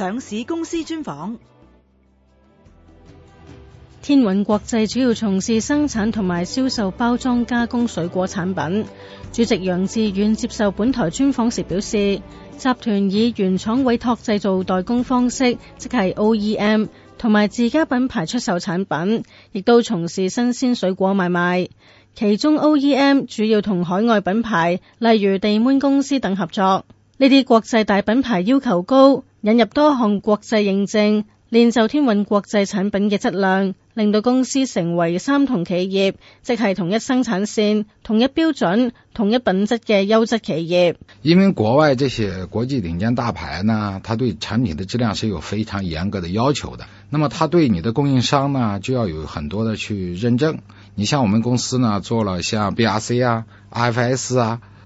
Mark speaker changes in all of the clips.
Speaker 1: 上市公司專訪，
Speaker 2: 天韻國際主要從事生產同埋銷售包裝加工水果產品。主席楊自遠接受本台專訪時表示，集團以原廠委託製造代工方式，即係 OEM 同埋自家品牌出售產品，亦都從事新鮮水果買賣。其中 OEM 主要同海外品牌，例如地門公司等合作。呢啲國際大品牌要求高，引入多項國際認證，練就天韻國際產品嘅質量，令到公司成為三同企業，即係同一生產線、同一標準、同一品質嘅優質企業。
Speaker 1: 因為國外這些國際頂尖大牌呢，它對產品的質量是有非常嚴格的要求的。那麼，它對你的供應商呢，就要有很多的去認證。你像我們公司呢，做了像 BRC 啊、IFS 啊。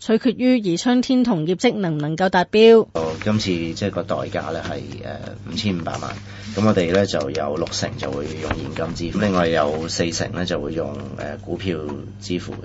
Speaker 2: 取決於宜昌天同業績能唔能夠達標。
Speaker 3: 哦，今次即係個代價咧係誒五千五百萬，咁我哋咧就有六成就會用現金支付，另外有四成咧就會用誒股票支付嘅。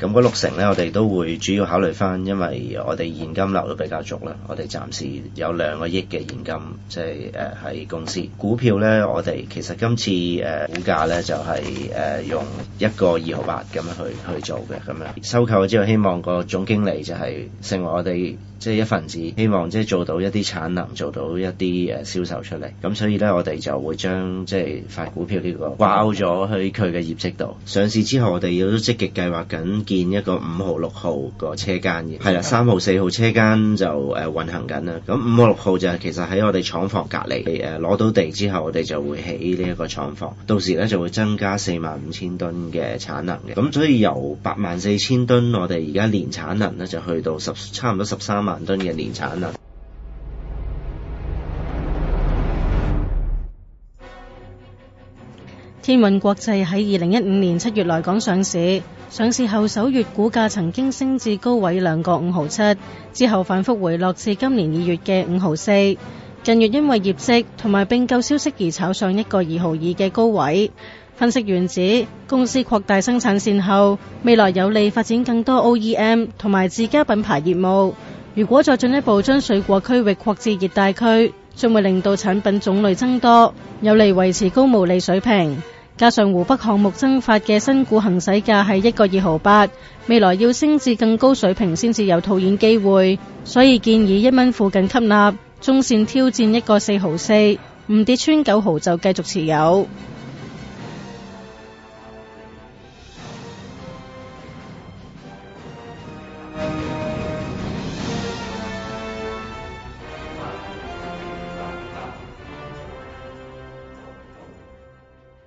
Speaker 3: 咁嗰六成咧我哋都會主要考慮翻，因為我哋現金流都比較足啦。我哋暫時有兩個億嘅現金，即係誒喺公司股票咧，我哋其實今次誒股價咧就係誒用一個二毫八咁樣去去做嘅，咁樣收購之後，希望個總。經理就係成為我哋。即係一份子，希望即係做到一啲產能，做到一啲誒銷售出嚟。咁所以呢，我哋就會將即係發股票呢個掛鈎咗喺佢嘅業績度。上市之後，我哋亦都積極計劃緊建一個五號六號個車間嘅。係啦，三號四號車間就誒運行緊啦。咁五號六號就係其實喺我哋廠房隔離攞到地之後，我哋就會起呢一個廠房。到時呢，就會增加四萬五千噸嘅產能嘅。咁所以由八萬四千噸，我哋而家年產能呢，就去到十差唔多十三萬，萬噸嘅年產
Speaker 2: 啊！天韻國際喺二零一五年七月來港上市，上市後首月股價曾經升至高位兩個五毫七，之後反覆回落至今年二月嘅五毫四。近月因為業績同埋併購消息而炒上一個二毫二嘅高位。分析員指，公司擴大生產線後，未來有利發展更多 OEM 同埋自家品牌業務。如果再進一步將水果區域擴至熱帶區，將會令到產品種類增多，有利維持高毛利水平。加上湖北項目增發嘅新股行使價係一個二毫八，未來要升至更高水平先至有套現機會，所以建議一蚊附近吸納，中線挑戰一個四毫四，唔跌穿九毫就繼續持有。